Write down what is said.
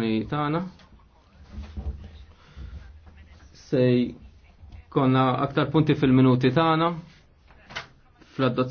diskussjoni tana. sej konna aktar punti fil-minuti tana. fl